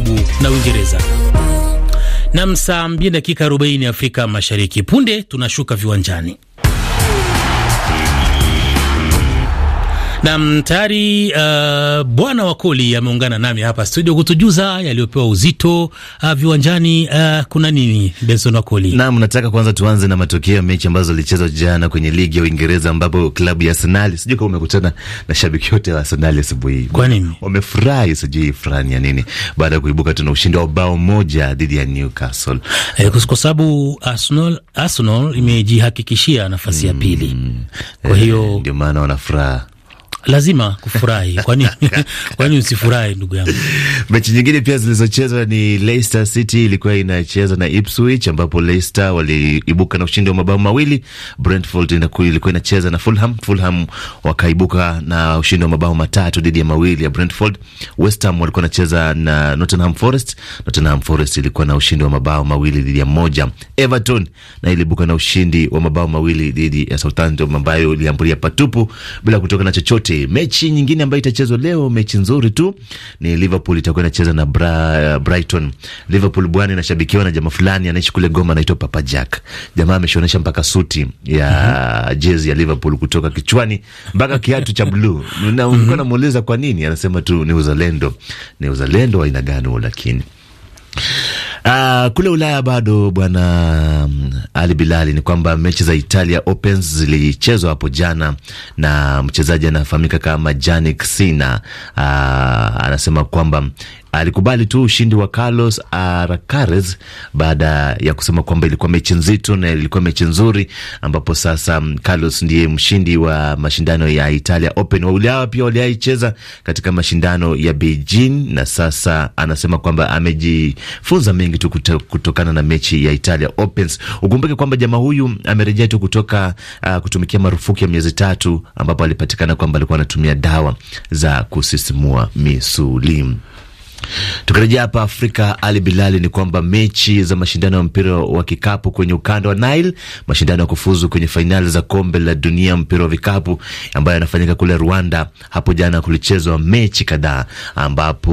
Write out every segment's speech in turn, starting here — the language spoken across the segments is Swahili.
karibu na Uingereza. Nam, saa mbili dakika 40 Afrika Mashariki. Punde tunashuka viwanjani. Na tayari uh, Bwana Wakoli ameungana nami hapa studio kutujuza yaliyopewa uzito uh, viwanjani. Uh, kuna nini Benson Wakoli? Naam, nataka kwanza tuanze na matokeo ya mechi ambazo zilichezwa jana kwenye ligi ya Uingereza ambapo klabu ya Arsenal, sijui kama umekutana na shabiki wote wa Arsenal asubuhi hii. Kwa nini wamefurahi? Sijui furani ya nini baada ya kuibuka tuna ushindi wa bao moja dhidi ya Newcastle eh, kwa sababu Arsenal, Arsenal imejihakikishia nafasi mm, ya pili, mm. kwa hiyo eh, ndio maana wanafuraha lazima kufurahi, kwani kwani usifurahi ndugu yangu? Mechi nyingine pia zilizochezwa ni Leicester City ilikuwa inacheza na Ipswich, ambapo Leicester waliibuka na ushindi wa mabao mawili. Brentford ilikuwa inacheza na Fulham, Fulham wakaibuka na ushindi wa mabao matatu dhidi ya mawili ya Brentford. West Ham walikuwa wanacheza na Nottingham Forest, Nottingham Forest ilikuwa na ushindi wa mabao mawili dhidi ya moja. Everton na ilibuka na ushindi wa mabao mawili dhidi ya Southampton ambayo iliambulia patupu bila kutoka na chochote mbili. Mechi nyingine ambayo itachezwa leo, mechi nzuri tu, ni Liverpool itakuwa inacheza na Bra eh, Brighton. Liverpool bwana, inashabikiwa na jamaa fulani anaishi kule Goma, anaitwa Papa Jack. Jamaa ameshaonyesha mpaka suti ya mm -hmm. jezi ya Liverpool kutoka kichwani mpaka kiatu cha bluu, na -hmm. namuuliza kwa nini, anasema tu ni uzalendo. Ni uzalendo wa aina gani huo lakini Uh, kule Ulaya bado bwana mm, Ali Bilali, ni kwamba mechi za Italia Opens zilichezwa hapo jana, na mchezaji anafahamika kama Janik Sina. uh, anasema kwamba alikubali tu ushindi wa Carlos Alcaraz baada ya kusema kwamba ilikuwa mechi nzito na ilikuwa mechi nzuri, ambapo sasa mm, Carlos ndiye mshindi wa mashindano ya Italia Open. Wawili hawa pia waliaicheza katika mashindano ya Beijing, na sasa anasema kwamba amejifunza mengi tu kutokana na mechi ya Italia Opens. Ukumbuke kwamba jamaa huyu amerejea tu kutoka uh, kutumikia marufuku ya miezi tatu, ambapo alipatikana kwamba alikuwa anatumia dawa za kusisimua misuli. Tukirejea hapa Afrika, Ali Bilali, ni kwamba mechi za mashindano ya mpira wa kikapu kwenye ukanda wa Nile, mashindano ya kufuzu kwenye fainali za kombe la dunia mpira wa vikapu ambayo yanafanyika kule Rwanda, hapo jana kulichezwa mechi kadhaa, ambapo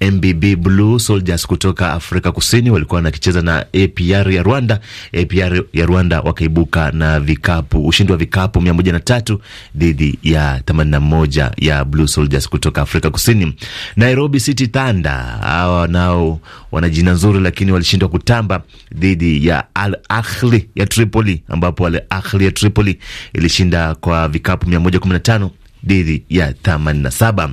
MBB mm, Blue Soldiers kutoka Afrika Kusini walikuwa wanakicheza na APR ya Rwanda. APR ya Rwanda wakaibuka na vikapu, ushindi wa vikapu 103 dhidi ya 81 ya Blue Soldiers kutoka Afrika Kusini. Nairobi City Mtiti Tanda hawa nao wana jina nzuri, lakini walishindwa kutamba dhidi ya Al Ahli ya Tripoli, ambapo Al Ahli ya Tripoli ilishinda kwa vikapu 115 dhidi ya 87.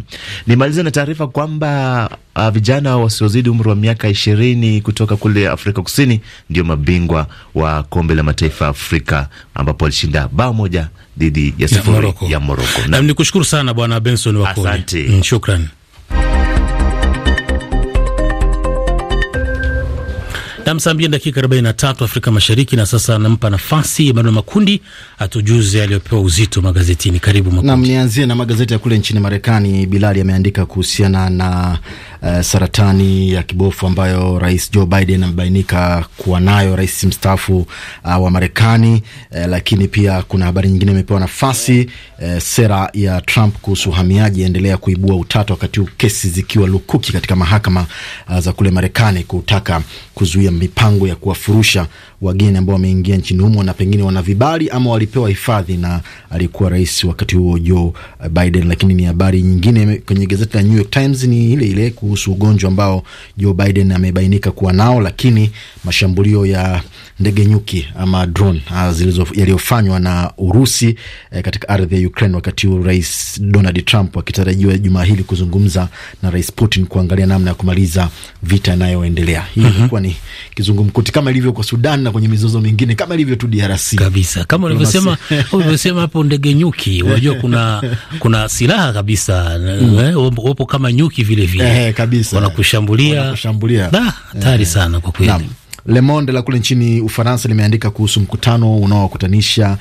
Nimalize na taarifa kwamba uh, vijana wasiozidi umri wa miaka ishirini kutoka kule Afrika Kusini ndio mabingwa wa kombe la mataifa ya Afrika ambapo walishinda bao moja dhidi ya sifuri ya Moroko. Nam ni kushukuru sana Bwana Benson Wakoli. Asante. Mm, shukran. Nam, saa mbili dakika 43 Afrika Mashariki. Na sasa anampa nafasi Emmanuel Makundi atujuze aliyopewa uzito magazetini. Karibu Makundi. Nam, nianzie na magazeti ya kule nchini Marekani. Bilali ameandika kuhusiana na uh, saratani ya kibofu ambayo rais Joe Biden amebainika kuwa nayo, rais mstaafu uh, wa Marekani. Uh, lakini pia kuna habari nyingine imepewa nafasi uh, sera ya Trump kuhusu uhamiaji endelea kuibua utata, wakati huu kesi zikiwa lukuki katika mahakama uh, za kule Marekani kutaka kuzuia mipango ya kuwafurusha wageni ambao wameingia nchini humo na pengine wana vibali ama walipewa hifadhi na alikuwa rais wakati huo Joe Biden. Lakini ni habari nyingine kwenye gazeti la New York Times ni ile ile ku kuhusu ugonjwa ambao Joe Biden amebainika kuwa nao, lakini mashambulio ya ndege nyuki ama drone ah, yaliyofanywa na Urusi eh, katika ardhi ya Ukraine, wakati huu Rais Donald Trump akitarajiwa jumaa hili kuzungumza na Rais Putin kuangalia namna ya kumaliza vita inayoendelea. Hii mhm. ilikuwa uh -huh. ni kizungumkuti kama ilivyo kwa Sudan na kwenye mizozo mingine kama ilivyo tu DRC kabisa, kama ulivyosema ulivyosema hapo ndege nyuki, unajua kuna kuna silaha kabisa mm. Eh, wepo kama nyuki vile vile eh, kabisa, wanakushambulia wanakushambulia, hatari eh, sana kwa kweli. Le Monde la kule nchini Ufaransa limeandika kuhusu mkutano unaowakutanisha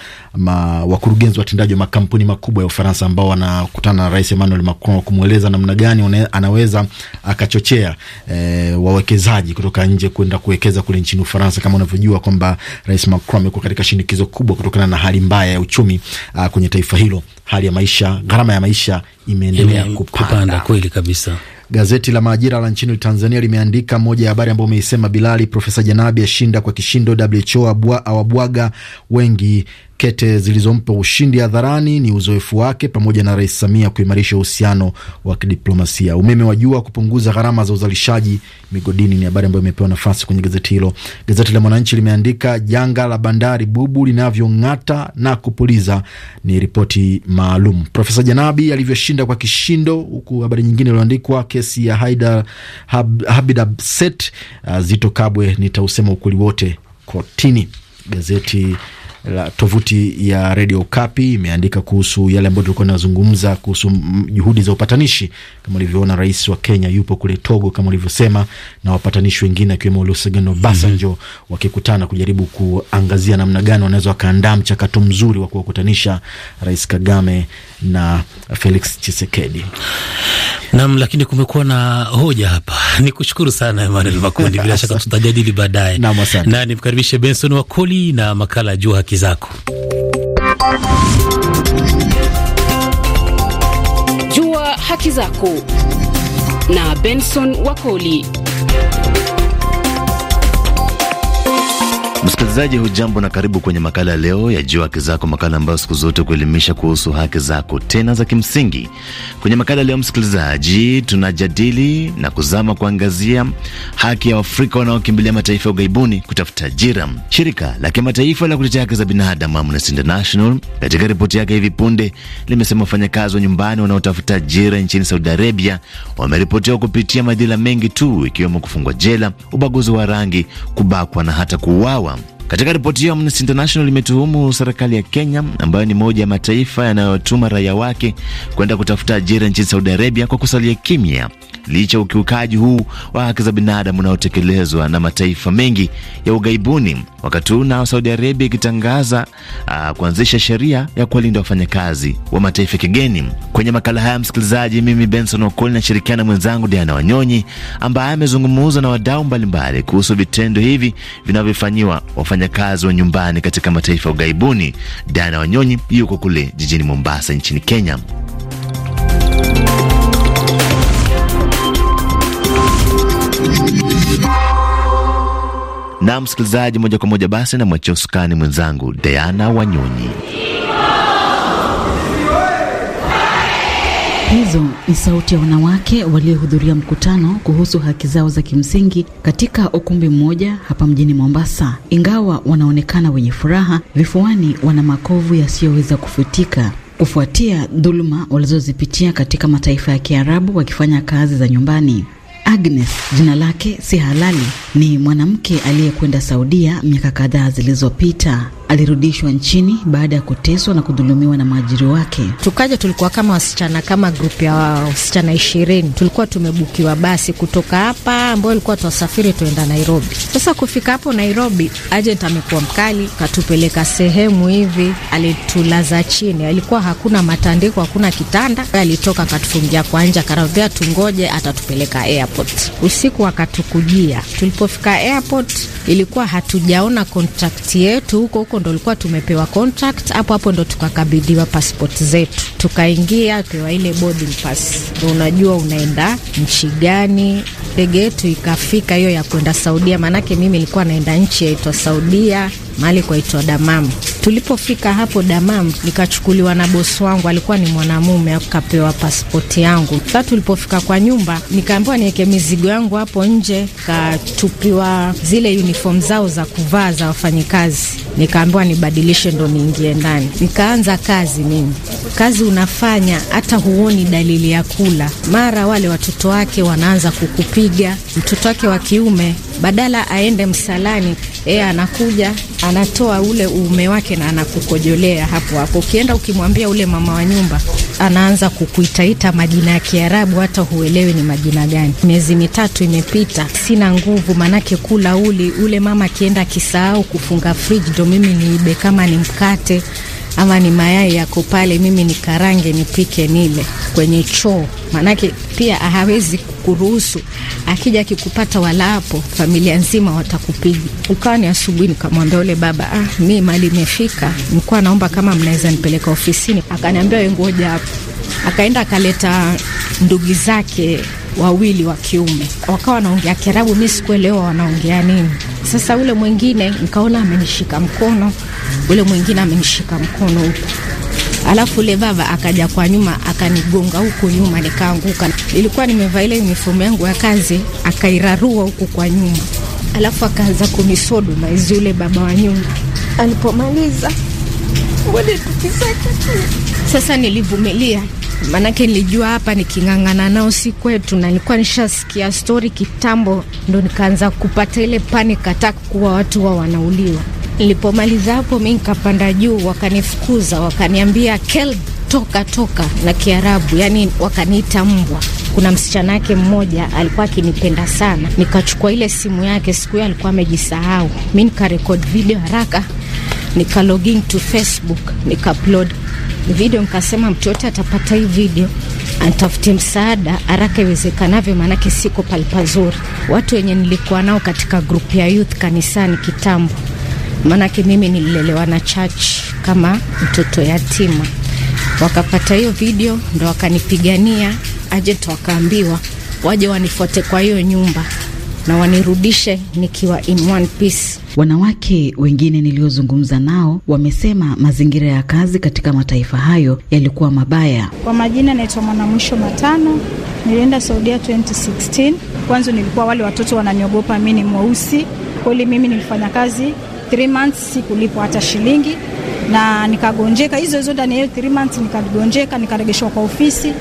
wakurugenzi watendaji wa makampuni makubwa ya Ufaransa ambao wanakutana na Rais Emmanuel Macron kumweleza namna gani anaweza akachochea e, wawekezaji kutoka nje kwenda kuwekeza kule nchini Ufaransa. Kama unavyojua kwamba Rais Macron amekuwa katika shinikizo kubwa kutokana na hali mbaya ya uchumi a, ah, kwenye taifa hilo. Hali ya maisha, gharama ya maisha imeendelea kupanda, kupanda, kweli kabisa. Gazeti la Majira la nchini Tanzania limeandika moja ya habari ambayo umeisema Bilali, Profesa Janabi ashinda kwa kishindo, WHO awabwaga wengi Kete zilizompa ushindi hadharani ni uzoefu wake pamoja na Rais Samia kuimarisha uhusiano wa kidiplomasia. Umeme wa jua kupunguza gharama za uzalishaji migodini ni habari ambayo imepewa nafasi kwenye gazeti hilo. Gazeti la Mwananchi limeandika janga la bandari bubu linavyong'ata na kupuliza, ni ripoti maalum. Profesa Janabi alivyoshinda kwa kishindo, huku habari nyingine iliyoandikwa kesi ya Haida Hab, Habib Zito Kabwe nitausema ukweli wote kotini. Gazeti la tovuti ya Radio Kapi imeandika kuhusu yale ambayo tulikuwa tunazungumza kuhusu juhudi za upatanishi. Kama ulivyoona, rais wa Kenya yupo kule Togo kama ulivyosema, na wapatanishi wengine akiwemo Olusegun Obasanjo mm -hmm. wakikutana kujaribu kuangazia namna gani wanaweza wakaandaa mchakato mzuri wa kuwakutanisha Rais Kagame na Felix Chisekedi. Nam, lakini kumekuwa na hoja hapa. Ni kushukuru sana Emmanuel Makundi, bila shaka tutajadili baadaye. na, Na nimkaribishe Benson Wakoli na makala ya Jua haki zako. Jua haki zako na Benson Wakoli. Msikilizaji, hujambo na karibu kwenye makala leo ya Jua Haki Zako, makala ambayo siku zote kuelimisha kuhusu haki zako tena za kimsingi. Kwenye makala leo, msikilizaji, tunajadili na kuzama kuangazia haki ya Waafrika wanaokimbilia mataifa ya ughaibuni kutafuta ajira. Shirika la kimataifa la kutetea haki za binadamu Amnesty International katika ripoti yake hivi punde limesema wafanyakazi wa nyumbani wanaotafuta ajira nchini Saudi Arabia wameripotiwa kupitia madhila mengi tu, ikiwemo kufungwa jela, ubaguzi wa rangi, kubakwa na hata kuuawa. Katika ripoti hiyo, Amnesty International imetuhumu serikali ya Kenya ambayo ni moja ya mataifa yanayotuma raia wake kwenda kutafuta ajira nchini Saudi Arabia kwa kusalia kimya licha ukiukaji huu wa haki za binadamu unaotekelezwa na mataifa mengi ya ughaibuni, wakati huu nao Saudi Arabia ikitangaza uh, kuanzisha sheria ya kuwalinda wafanyakazi wa mataifa ya kigeni. Kwenye makala haya msikilizaji, mimi Benson Okoli nashirikiana mwenzangu Diana Wanyonyi ambaye amezungumza na wadau mbalimbali kuhusu vitendo hivi vinavyofanyiwa wafanya wafanyakazi wa nyumbani katika mataifa ya ughaibuni. Diana Wanyonyi yuko kule jijini Mombasa nchini Kenya. Na msikilizaji, moja kwa moja basi namwachia usukani mwenzangu Diana Wanyonyi. Hizo ni sauti ya wanawake waliohudhuria mkutano kuhusu haki zao za kimsingi katika ukumbi mmoja hapa mjini Mombasa. Ingawa wanaonekana wenye furaha, vifuani wana makovu yasiyoweza kufutika kufuatia dhuluma walizozipitia katika mataifa ya Kiarabu wakifanya kazi za nyumbani. Agnes, jina lake si halali, ni mwanamke aliyekwenda Saudia miaka kadhaa zilizopita. Alirudishwa nchini baada ya kuteswa na kudhulumiwa na maajiri wake. Tukaja, tulikuwa kama wasichana, kama grupu ya wasichana ishirini, tulikuwa tumebukiwa basi kutoka hapa, ambayo ilikuwa twasafiri tuenda Nairobi. Sasa kufika hapo Nairobi, ajenti amekuwa mkali, katupeleka sehemu hivi, alitulaza chini, alikuwa hakuna matandiko, hakuna kitanda. Alitoka akatufungia kwa nje, akaravia tungoje atatupeleka airport. Usiku akatukujia, tulipofika airport ilikuwa hatujaona kontakti yetu huko huko hapo ndo ulikuwa tumepewa contract, hapo hapo ndo tukakabidhiwa passport zetu, tukaingia pewa ile boarding pass, ndo unajua unaenda nchi gani. Ndege yetu ikafika hiyo ya kwenda Saudia, maanake mimi nilikuwa naenda nchi yaitwa Saudia mahali kwaitwa Damam. Tulipofika hapo Damam, nikachukuliwa na bosi wangu, alikuwa ni mwanamume, akapewa pasipoti yangu. Sasa tulipofika kwa nyumba, nikaambiwa niweke mizigo yangu hapo nje, katupiwa zile uniform zao za kuvaa za wafanyikazi, nikaambiwa nibadilishe ndo niingie ndani. Nikaanza kazi mimi, kazi unafanya hata huoni dalili ya kula, mara wale watoto wake wanaanza kukupiga. Mtoto wake wa kiume badala aende msalani, yeye anakuja anatoa ule uume wake na anakukojolea hapo hapo. Ukienda ukimwambia ule mama wa nyumba, anaanza kukuitaita majina ya Kiarabu, hata huelewi ni majina gani. Miezi mitatu imepita, sina nguvu, manake kula uli ule mama akienda akisahau kufunga friji, ndo mimi niibe kama ni mkate ama ni mayai yako pale, mimi nikarange nipike nile kwenye choo, maanake pia hawezi kuruhusu. Akija akikupata walapo, familia nzima watakupiga. Ukawa ni asubuhi, nikamwambia ule baba, ah, mi mali imefika, nikuwa naomba kama mnaweza nipeleka ofisini. Akaniambia we ngoja hapo, akaenda akaleta ndugu zake wawili wa kiume, wakawa wanaongea Kiarabu, mi sikuelewa wanaongea nini sasa ule mwingine nikaona amenishika mkono, ule mwingine amenishika mkono huku, alafu ule baba akaja kwa nyuma akanigonga huku nyuma, nikaanguka. ilikuwa nimevaa ile uniform yangu ya kazi, akairarua huku kwa nyuma, alafu akaanza kunisodo maizi Ule baba wa nyuma alipomaliza mbona tu. Sasa nilivumilia maanake nilijua hapa niking'ang'ana nao si kwetu, na nilikuwa nishasikia stori kitambo, ndo nikaanza kupata ile panic attack kuwa watu wa wanauliwa. Nilipomaliza hapo, mi nikapanda juu, wakanifukuza wakaniambia kel toka toka, na Kiarabu yani wakaniita mbwa. Kuna msichana wake mmoja alikuwa akinipenda sana, nikachukua ile simu yake, siku hiyo alikuwa amejisahau, mi nikarekod video haraka, nikalogin to Facebook, nika video, nikasema mtu yote atapata hii video antafutie msaada haraka iwezekanavyo, maanake siko pali pazuri. Watu wenye nilikuwa nao katika grupu ya youth kanisani kitambo, maanake mimi nililelewa na church kama mtoto yatima, wakapata hiyo video ndo wakanipigania ajent, wakaambiwa waje wanifuate kwa hiyo nyumba na wanirudishe nikiwa in one piece. Wanawake wengine niliozungumza nao wamesema mazingira ya kazi katika mataifa hayo yalikuwa mabaya. Kwa majina, naitwa Mwanamwisho Matano. Nilienda Saudia 2016. Kwanza nilikuwa wale watoto wananiogopa, mi ni mweusi kweli. Mimi nilifanya kazi 3 months, sikulipwa hata shilingi na nikagonjeka. Hizo hizo ndani ya 3 months nikagonjeka, nikaregeshwa kwa ofisi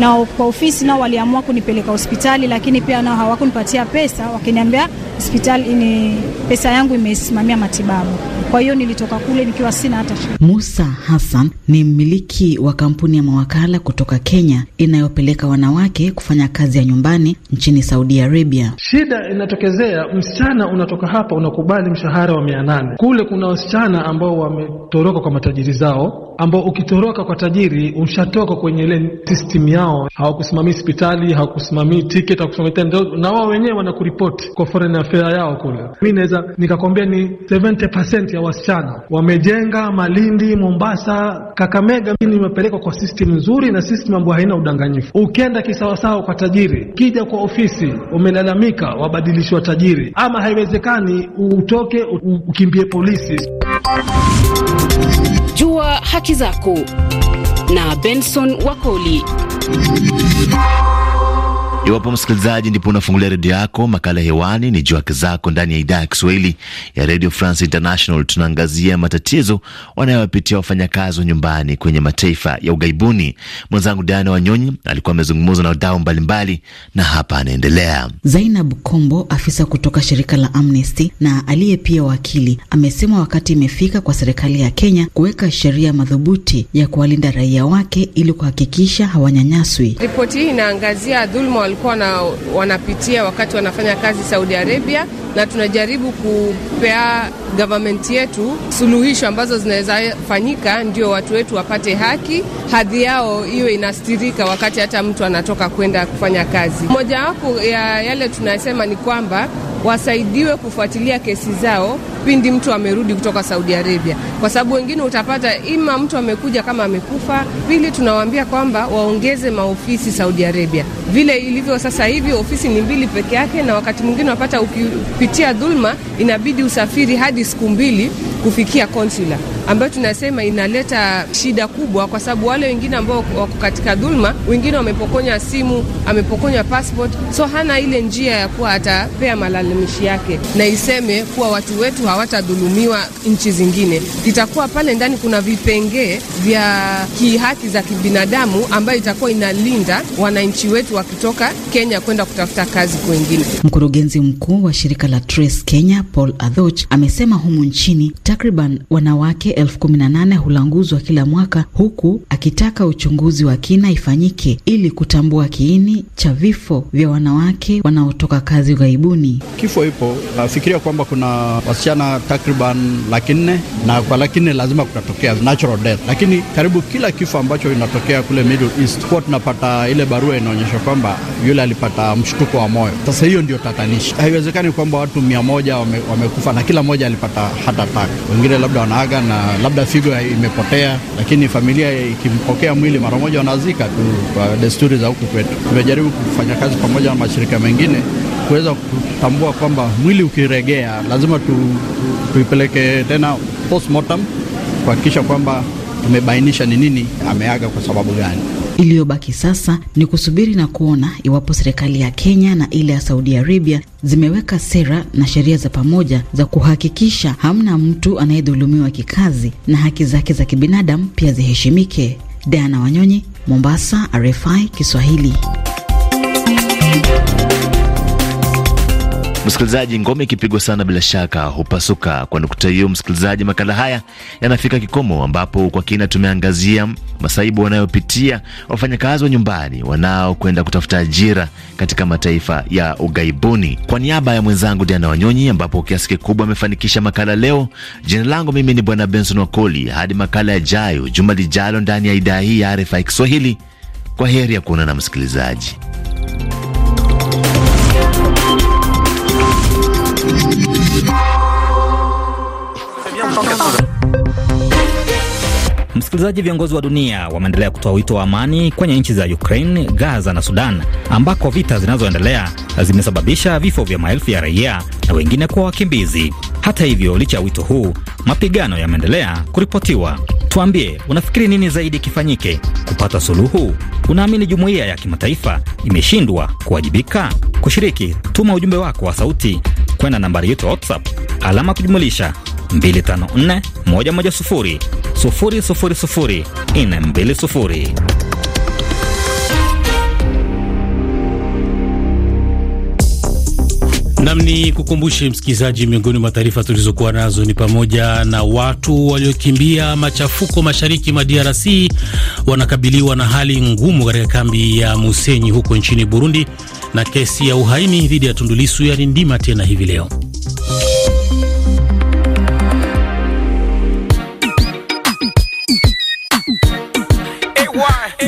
na kwa ofisi nao waliamua kunipeleka hospitali, lakini pia nao hawakunipatia pesa, wakiniambia hospitali ni pesa yangu imesimamia matibabu. Kwa hiyo nilitoka kule nikiwa sina hata shida. Musa Hassan ni mmiliki wa kampuni ya mawakala kutoka Kenya inayopeleka wanawake kufanya kazi ya nyumbani nchini Saudi Arabia. Shida inatokezea, msichana unatoka hapa unakubali mshahara wa mia nane. Kule kuna wasichana ambao wametoroka kwa matajiri zao, ambao ukitoroka kwa tajiri ushatoka kwenye ile system yao, hawakusimamii hospitali, hawakusimamii tiketi, hawakusimamii na wao wenyewe wanakuripoti kwa foreign mafikira yao kule. Mi naweza nikakwambia ni 70% ya wasichana wamejenga Malindi, Mombasa, Kakamega. Mimi nimepelekwa kwa system nzuri na system ambayo haina udanganyifu. Ukienda kisawasawa kwa tajiri, kija kwa ofisi umelalamika, wa tajiri, ama haiwezekani utoke ukimbie polisi. Jua haki zako na Benson Wakoli. Iwapo msikilizaji, ndipo unafungulia redio yako, makala hewani ni jua haki zako, ndani ya idhaa ya Kiswahili ya Radio France International. Tunaangazia matatizo wanayowapitia wafanyakazi wa nyumbani kwenye mataifa ya ughaibuni. Mwenzangu Diana Wanyonyi alikuwa amezungumza na wadau mbalimbali, na hapa anaendelea. Zainab Kombo, afisa kutoka shirika la Amnesty na aliye pia wakili, amesema wakati imefika kwa serikali ya Kenya kuweka sheria madhubuti ya kuwalinda raia wake ili kuhakikisha hawanyanyaswi. Ripoti hii inaangazia dhuluma walikuwa wanapitia wakati wanafanya kazi Saudi Arabia na tunajaribu kupea government yetu suluhisho ambazo zinaweza fanyika, ndio watu wetu wapate haki, hadhi yao iwe inastirika wakati hata mtu anatoka kwenda kufanya kazi. Mojawapo ya yale tunasema ni kwamba wasaidiwe kufuatilia kesi zao pindi mtu amerudi kutoka Saudi Arabia, kwa sababu wengine utapata ima mtu amekuja kama amekufa. Pili, tunawaambia kwamba waongeze maofisi Saudi Arabia vile ilivyo sasa hivi, ofisi ni mbili peke yake, na wakati mwingine unapata kupitia dhulma, inabidi usafiri hadi siku mbili kufikia konsula, ambayo tunasema inaleta shida kubwa, kwa sababu wale wengine ambao wako katika dhulma, wengine wamepokonya simu, amepokonya passport, so hana ile njia ya kuwa atapea malalamishi yake, na iseme kuwa watu wetu hawatadhulumiwa nchi zingine. Itakuwa pale ndani kuna vipengee vya kihaki za kibinadamu ambayo itakuwa inalinda wananchi wetu wakitoka Kenya kwenda kutafuta kazi kwengine. Mkurugenzi mkuu wa shirika la Trace Kenya Paul Adhoch amesema humu nchini takriban wanawake elfu kumi na nane hulanguzwa kila mwaka, huku akitaka uchunguzi wa kina ifanyike ili kutambua kiini cha vifo vya wanawake wanaotoka kazi ughaibuni. Kifo ipo, nafikiria kwamba kuna wasichana takriban laki nne na kwa laki nne lazima kutatokea natural death, lakini karibu kila kifo ambacho inatokea kule Middle East huwa tunapata ile barua inaonyesha kwamba yule alipata mshtuko wa moyo. Sasa hiyo ndio tatanishi, haiwezekani kwamba watu mia moja wame, wamekufa na kila mmoja alipata hata taka wengine labda wanaaga na labda figo imepotea, lakini familia ikimpokea mwili mara moja wanazika tu kwa desturi za huku kwetu. Tumejaribu kufanya kazi pamoja na mashirika mengine kuweza kutambua kwamba mwili ukiregea lazima tu, tuipeleke tena postmortem kuhakikisha kwamba tumebainisha ni nini ameaga kwa sababu gani. Iliyobaki sasa ni kusubiri na kuona iwapo serikali ya Kenya na ile ya Saudi Arabia zimeweka sera na sheria za pamoja za kuhakikisha hamna mtu anayedhulumiwa kikazi na haki zake za kibinadamu pia ziheshimike. Diana Wanyonyi, Mombasa, RFI Kiswahili. Msikilizaji, ngome ikipigwa sana bila shaka hupasuka. Kwa nukta hiyo, msikilizaji, makala haya yanafika kikomo, ambapo kwa kina tumeangazia masaibu wanayopitia wafanyakazi wa nyumbani wanaokwenda kutafuta ajira katika mataifa ya ughaibuni. Kwa niaba ya mwenzangu Diana Wanyonyi, ambapo kiasi kikubwa amefanikisha makala leo, jina langu mimi ni Bwana Benson Wakoli. Hadi makala yajayo juma lijalo ndani ya idhaa hii ya RFI Kiswahili, kwa heri ya kuonana msikilizaji. Msikilizaji, viongozi wa dunia wameendelea kutoa wito wa amani kwenye nchi za Ukraine, Gaza na Sudan ambako vita zinazoendelea zimesababisha vifo vya maelfu ya raia na wengine kuwa wakimbizi. Hata hivyo, licha ya wito huu, mapigano yameendelea kuripotiwa. Tuambie, unafikiri nini zaidi kifanyike kupata suluhu? Unaamini jumuiya ya kimataifa imeshindwa kuwajibika? Kushiriki, tuma ujumbe wako wa sauti kwenda nambari yetu WhatsApp alama kujumulisha 254 Nam ni kukumbushe msikilizaji, miongoni mwa taarifa tulizokuwa nazo ni pamoja na watu waliokimbia machafuko mashariki mwa DRC wanakabiliwa na hali ngumu katika kambi ya Musenyi huko nchini Burundi, na kesi ya uhaini dhidi ya Tundulisu yarindima tena hivi leo.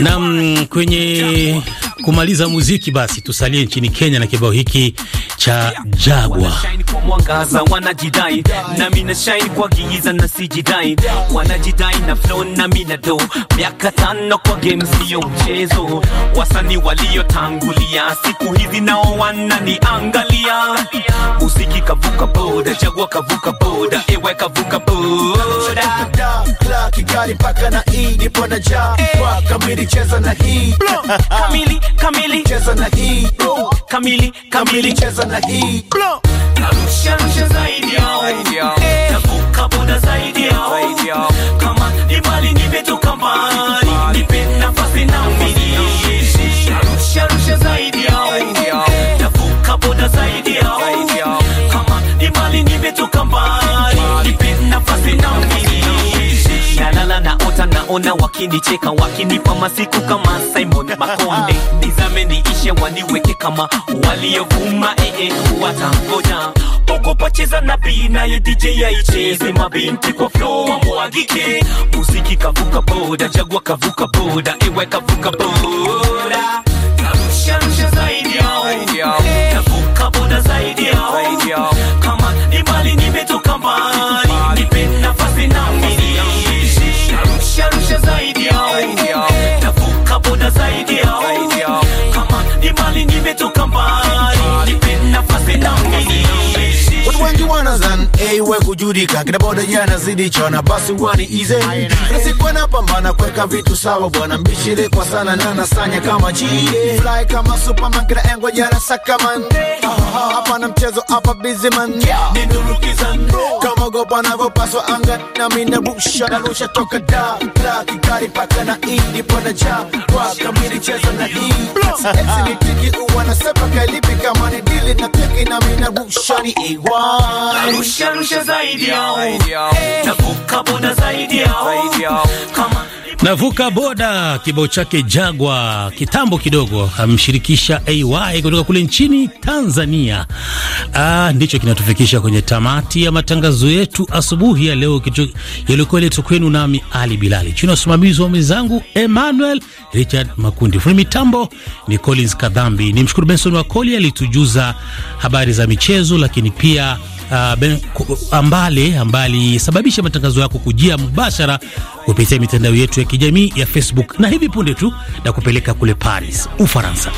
Nam, kwenye kumaliza muziki basi tusalie nchini Kenya na kibao hiki cha Jagwa. Mwangaza wanajidai na shine kwa giza na sijidai, wanajidai na flow na do, miaka tano kwa game sio mchezo. Wasanii waliotangulia siku hizi nao wananiangalia muziki kavuka boda, chagua kavuka boda, ewe kavuka boda Dar, Kigali paka na E nipo na ja kwa kamili, cheza na hii kamili kamili, cheza na hii kamili kamili, cheza na hii arusha arusha zaidi yao, kavuka boda zaidi yao, kama ni mbali nimetoka mbali, nipe nafasi na mimi arusha arusha zaidi yao, kavuka boda zaidi nafasi na mimi nalala naota naona wakinicheka wakinipa masiku kama Simon Makonde nizame niishe waniweke kama waliovuma ee watangoja pokopocheza na pina nayo DJ yaicheze mabinti kwa flow wamwagike musiki kavuka boda jagwa kavuka boda ewe kavuka boda narusharusha zaidi yao yetu kambani, nipe nafasi na mimi narusha rusha zaidi yao, navuka boda zaidi yao, kama ni mali nimetoka mbali, nipe nafasi A we kujudika kina boda yana zidi chona basi wani ize nasikuwa na pambana kuweka vitu sawa bwana mbishire kwa sana na nasanya kama ji fly kama superman kina engwa yana man hapa na mchezo hapa busy man nindurukiza kama gopa navyopaswa anga na mina busha na lusha toka da la kikari paka na indi pona ja kwa kamili chezo na hii Eksi ni tiki uwa na sepa kalipi kama ni dili na tiki na mina busha ni iwa narusha Arusha zaidi yao, navuka boda zaidi yao kama navuka boda. Kibao chake Jagwa kitambo kidogo amshirikisha AY kutoka kule nchini Tanzania. Ah, ndicho kinatufikisha kwenye tamati ya matangazo yetu asubuhi ya leo, yaliokuwa letu kwenu, nami Ali Bilali chini ya usimamizi wa mwenzangu Emmanuel Richard Makundi, funi mitambo ni Collins Kadhambi. Ni mshukuru Benson Wakoli alitujuza habari za michezo, lakini pia Ah, uh, ambale ambaye alisababisha matangazo yako kujia mubashara kupitia mitandao yetu ya kijamii ya Facebook na hivi punde tu na kupeleka kule Paris, Ufaransa.